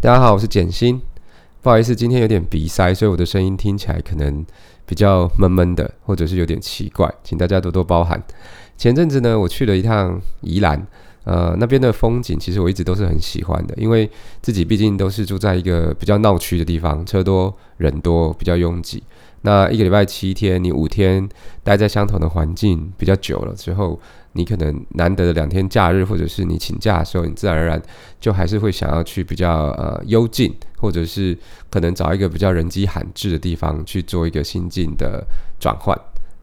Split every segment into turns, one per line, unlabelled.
大家好，我是簡心。不好意思，今天有點鼻塞，所以我的聲音聽起來可能比較悶悶的，或者是有點奇怪，請大家多多包涵。前陣子呢，我去了一趟宜蘭，呃，那邊的風景其實我一直都是很喜歡的，因為自己畢竟都是住在一個比較鬧區的地方，車多人多，比較擁擠。那一個禮拜七天，你五天待在相同的環境比較久了之後，你可能難得的兩天假日，或者是你請假的時候，你自然而然就還是會想要去比較呃幽靜，或者是可能找一個比較人跡罕至的地方去做一個心境的轉換。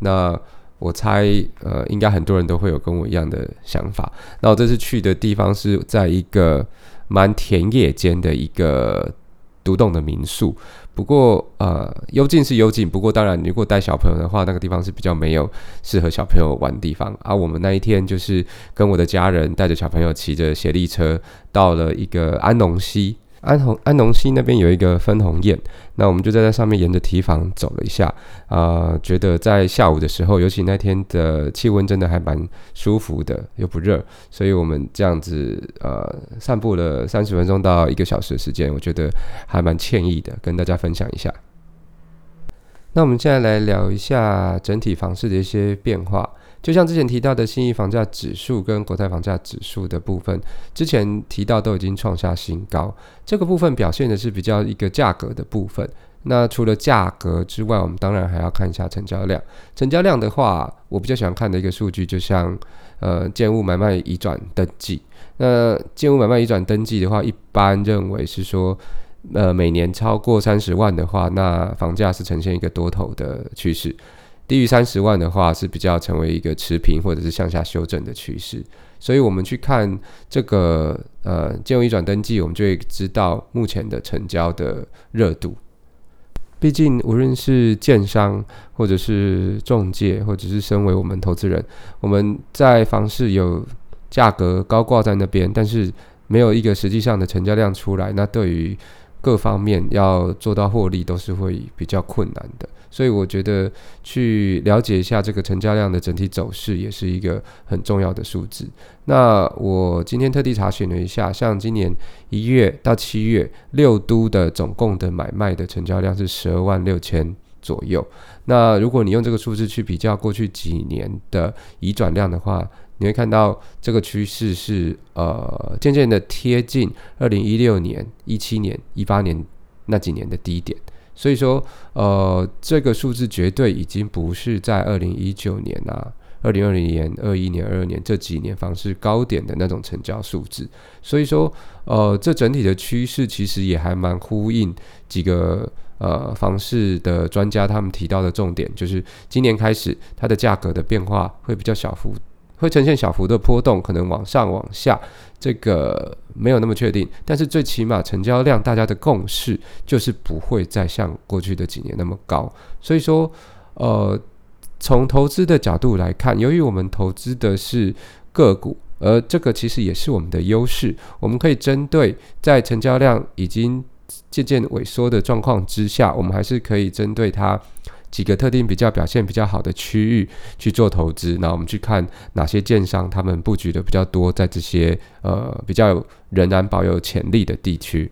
那我猜呃，應該很多人都會有跟我一樣的想法。那我這次去的地方是在一個蠻田野間的一個。獨棟的民宿，不過呃，幽靜是幽靜，不過當然，如果帶小朋友的話，那個地方是比較沒有適合小朋友玩的地方。而、啊、我們那一天就是跟我的家人帶着小朋友騎着協力車，到了一個安農溪。安紅安農溪那邊有一個分洪堰，那我們就在在上面沿着堤防走了一下啊、呃，覺得在下午的時候，尤其那天的氣溫真的還蠻舒服的，又不熱，所以我們這樣子呃，散步了三十分鐘到一個小時的時間，我覺得還蠻愜意的，跟大家分享一下。那我們現在來聊一下整體房市的一些變化。就像之前提到的信義房價指數跟國泰房價指數的部分，之前提到都已經創下新高。這個部分表現的是比較一個價格的部分。那除了價格之外，我們當然還要看一下成交量。成交量的話，我比較喜歡看的一個數據，就像呃建物買賣移轉登記。那建物買賣移轉登記的話，一般認為是說，呃每年超過三十萬的話，那房價是呈現一個多頭的趨勢。低於三十萬的話是比較成為一個持平或者是向下修正的趨勢，所以我們去看這個呃建物移轉登記，我們就會知道目前的成交的熱度。畢竟無論是建商或者是中介，或者是身為我們投資人，我們在房市有價格高掛在那邊，但是沒有一個實際上的成交量出來，那對於各方面要做到獲利都是會比較困難的。所以我覺得去了解一下這個成交量的整體走勢也是一個很重要的數字。那我今天特地查詢了一下，像今年一月到七月，六都的總共的買賣的成交量是十二萬六千左右。那如果你用這個數字去比較過去幾年的移轉量的話，你會看到這個趨勢是，呃，漸漸的貼近二零一六年、一七年、一八年那幾年的低點。所以說，呃，這個數字絕對已經不是在二零一九年啊，二零二零年、二一年、二二年這幾年房市高點的那種成交數字。所以說，呃，這整體的趨勢其實也還蠻呼應幾個呃房市的專家他們提到的重點，就是今年開始它的價格的變化會比較小幅。會呈現小幅的波動，可能往上往下，這個沒有那麼確定。但是最起碼成交量，大家的共識就是不會再像過去的幾年那麼高。所以說，呃，從投資的角度來看，由於我們投資的是個股，而這個其實也是我們的優勢，我們可以針對在成交量已經漸漸萎縮的狀況之下，我們還是可以針對它。幾個特定比較表現比較好的區域去做投資，那我們去看哪些建商他們布局的比較多，在這些呃比較有仍然保有潛力的地區。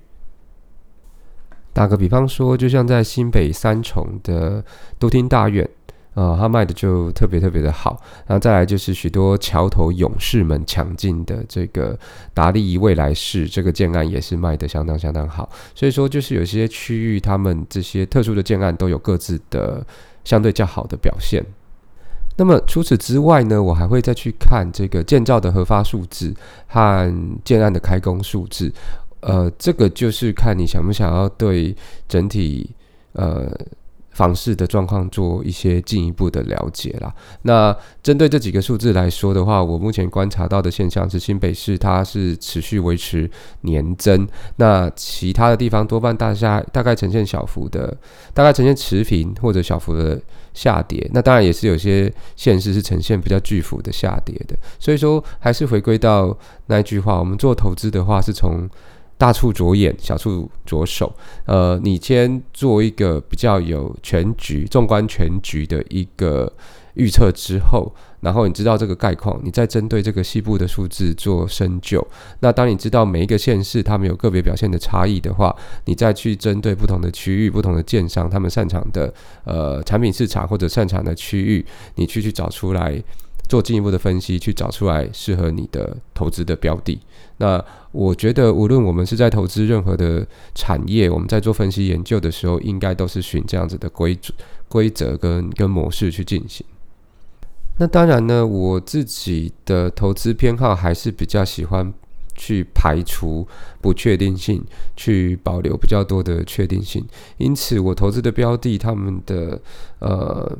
打個比方說，就像在新北三重的都廳大院。呃、哦，他賣的就特別特別的好，然後再來就是許多橋頭勇士們搶進的這個達麗 e 未來市這個建案也是賣的相當相當好，所以說就是有些區域他們這些特殊的建案都有各自的相對較好的表現。那麼除此之外呢，我還會再去看這個建照的核發數字和建案的開工數字，呃，這個就是看你想不想要對整體呃。房市的狀況做一些進一步的了解啦。那針對這幾個數字來說的話，我目前觀察到的現象是，新北市它是持續維持年增，那其他的地方多半大家大概呈現小幅的，大概呈現持平或者小幅的下跌。那當然也是有些縣市是呈現比較巨幅的下跌的。所以說，還是回歸到那句話，我們做投資的話是從。大處着眼，小處着手。呃，你先做一個比較有全局、縱觀全局的一個預測之後，然後你知道這個概況，你再針對這個細部的數字做深究。那當你知道每一個縣市他們有個別表現的差異的話，你再去針對不同的區域、不同的建商他們擅長的呃產品市場或者擅長的區域，你去去找出來。做進一步的分析，去找出來適合你的投資的標的。那我覺得，無論我們是在投資任何的產業，我們在做分析研究的時候，應該都是循這樣子的規矩、規則跟跟模式去進行。那當然呢，我自己的投資偏好還是比較喜歡去排除不確定性，去保留比較多的確定性。因此，我投資的標的，他們的呃。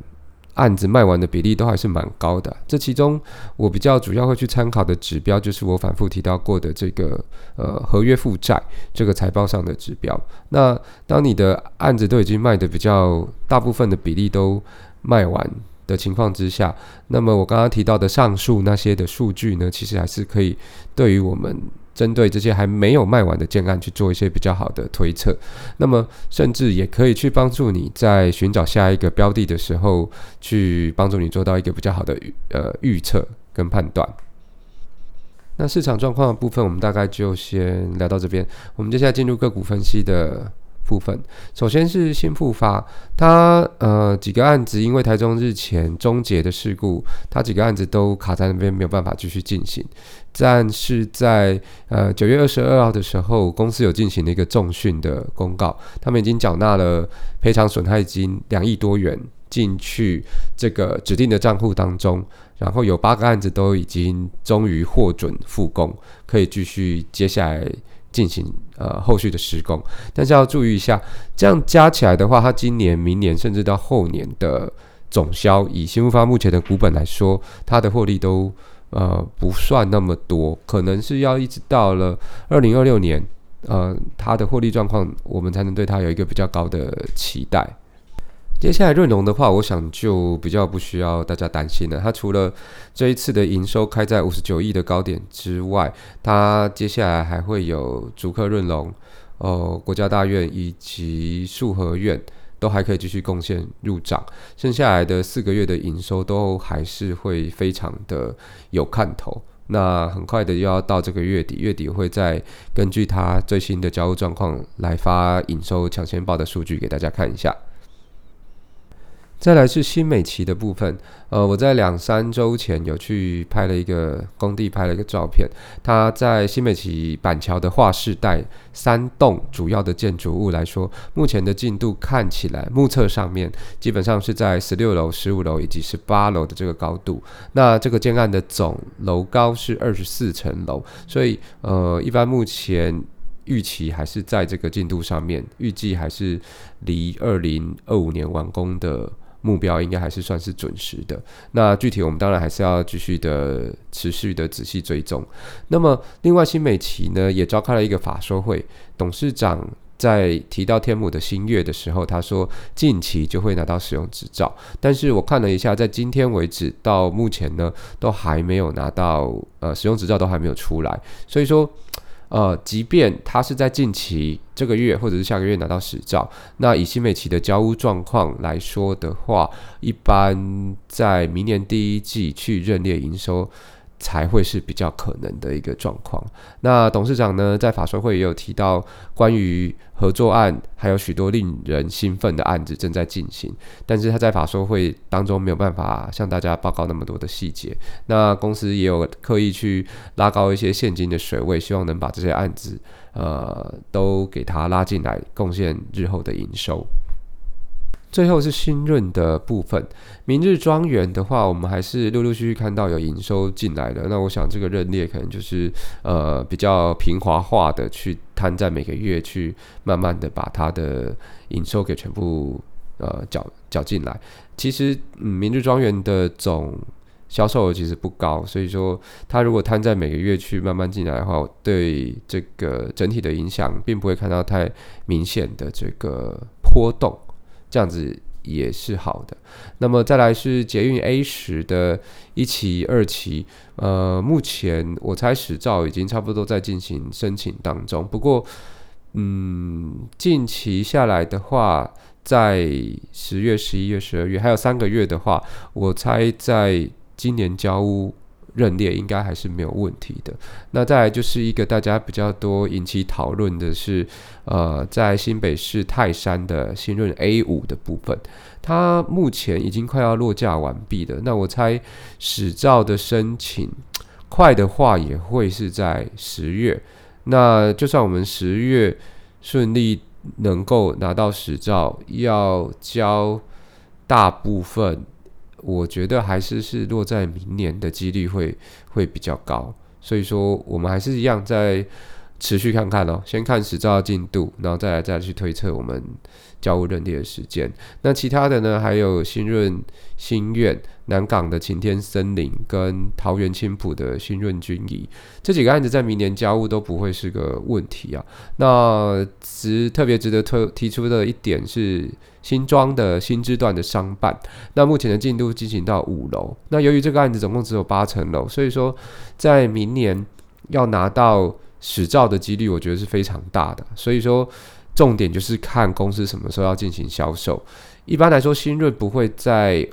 案子賣完的比例都還是蠻高的，這其中我比較主要會去參考的指標，就是我反復提到過的這個呃合約負債這個財報上的指標。那當你的案子都已經賣得比較大部分的比例都賣完的情況之下，那麼我剛剛提到的上述那些的數據呢，其實還是可以對於我們。針對這些還沒有賣完的建案去做一些比較好的推測，那麼甚至也可以去幫助你在尋找下一個標的的時候，去幫助你做到一個比較好的預呃預測跟判斷。那市場狀況的部分，我們大概就先聊到這邊，我們接下來進入個股分析的。部分，首先是興富發，他呃幾個案子，因為台中日前終結的事故，他幾個案子都卡在那邊，沒有辦法繼續進行。但是在呃九月二十二號的時候，公司有進行了一個重訊的公告，他們已經繳納了賠償損害金兩億多元進去這個指定的賬戶當中，然後有八個案子都已經終於獲准復工，可以繼續接下來。進行呃後續的施工，但是要注意一下，這樣加起來的話，它今年、明年甚至到後年的總銷，以興富發目前的股本來說，它的獲利都呃不算那麼多，可能是要一直到了二零二六年，呃，它的獲利狀況，我們才能對它有一個比較高的期待。接下來潤隆的話，我想就比較不需要大家擔心了。它除了這一次的營收開在五十九億的高點之外，它接下來還會有逐客潤隆，哦、呃、國家大院以及樹和苑都還可以繼續貢獻入賬，剩下來的四個月的營收都還是會非常的有看頭。那很快的又要到這個月底，月底會再根據它最新的交戶狀況來發營收搶先報的數據給大家看一下。再來是新美齊的部分，呃，我在兩三周前有去拍了一個工地，拍了一個照片。它在新美齊板橋的畫世代，三棟主要的建築物來說，目前的進度看起來目測上面基本上是在十六樓、十五樓以及十八樓的這個高度。那這個建案的總樓高是二十四層樓，所以呃，一般目前預期還是在這個進度上面，預計還是離二零二五年完工的。目標應該還是算是準時的。那具體我們當然還是要繼續的、持續的仔細追蹤。那麼，另外新美齊呢也召開了一個法說會，董事長在提到天母的新月的時候，他說近期就會拿到使用執照。但是我看了一下，在今天為止到目前呢，都還沒有拿到呃使用執照，都還沒有出來。所以說。呃，即便他是在近期這個月或者是下個月拿到使照，那以新美齊的交屋狀況來說的話，一般在明年第一季去認列營收。才會是比較可能的一個狀況。那董事長呢，在法說會也有提到，關於合作案還有許多令人興奮的案子正在進行，但是他在法說會當中沒有辦法向大家報告那麼多的細節。那公司也有刻意去拉高一些現金的水位，希望能把這些案子呃都給他拉進來，貢獻日後的營收。最後是新潤的部分。明日莊園的話，我們還是陸陸續續看到有營收進來的。那我想這個認列可能就是呃比較平滑化的去攤在每個月去慢慢的把它的營收給全部呃繳繳進來。其實、嗯、明日莊園的總銷售額其實不高，所以說它如果攤在每個月去慢慢進來的話，對這個整體的影響並不會看到太明顯的這個波動。這樣子也是好的。那麼再來是捷運 A 十的一期、二期，呃，目前我猜執照已經差不多在進行申請當中。不過，嗯，近期下來的話，在十月、十一月、十二月還有三個月的話，我猜在今年交屋。認列應該還是沒有問題的。那再來就是一個大家比較多引起討論的是，呃，在新北市泰山的新潤 A 五的部分，它目前已經快要落架完畢了。那我猜使照的申請快的話，也會是在十月。那就算我們十月順利能夠拿到使照，要交大部分。我覺得還是是落在明年的機率會會比較高，所以說我們還是一樣在。持續看看哦，先看時照進度，然後再來再來去推測我們交屋認定的時間。那其他的呢？還有新潤、新苑、南港的晴天森林跟桃園青埔的新潤君怡這幾個案子，在明年交屋都不會是個問題啊。那值特別值得推提出的一點是新莊的新之段的商辦，那目前的進度進行到五樓。那由於這個案子總共只有八層樓，所以說在明年要拿到。使照的幾率，我覺得是非常大的。所以說，重點就是看公司什麼時候要進行銷售。一般來說，新潤不會在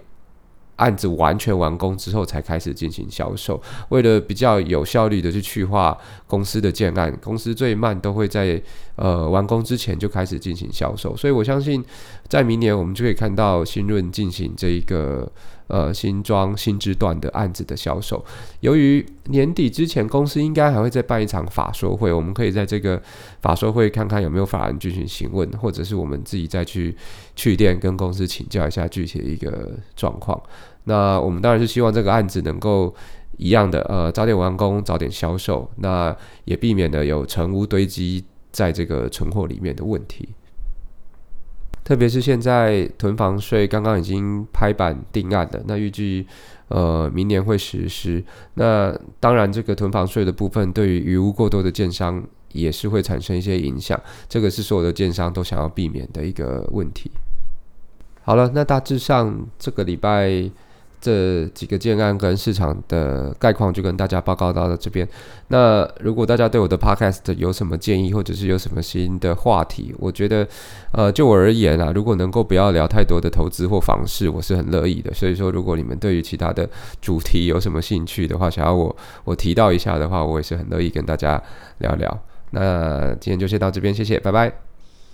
案子完全完工之後才開始進行銷售。為了比較有效率的去去化公司的建案，公司最慢都會在。呃，完工之前就開始進行銷售，所以我相信，在明年我們就可以看到新潤進行這一個呃新莊新制段的案子的銷售。由於年底之前公司應該還會再辦一場法說會，我們可以在這個法說會看看有沒有法人進行詢問，或者是我們自己再去去電跟公司請教一下具體的一個狀況。那我們當然是希望這個案子能夠一樣的呃早點完工，早點銷售，那也避免了有成屋堆積，在這個存貨裡面的問題，特別是現在囤房稅剛剛已經拍板定案了。那預計呃明年會實施。那當然，這個囤房稅的部分對於餘屋過多的建商也是會產生一些影響，這個是所有的建商都想要避免的一個問題。好了，那大致上這個禮拜。這幾個建案跟市場的概況就跟大家報告到了這邊。那如果大家對我的 podcast 有什麼建議，或者是有什麼新的話題，我覺得，呃，就我而言啊，如果能夠不要聊太多的投資或房市，我是很樂意的。所以說，如果你們對於其他的主題有什麼興趣的話，想要我我提到一下的話，我也是很樂意跟大家聊聊。那今天就先到這邊，謝謝，拜拜。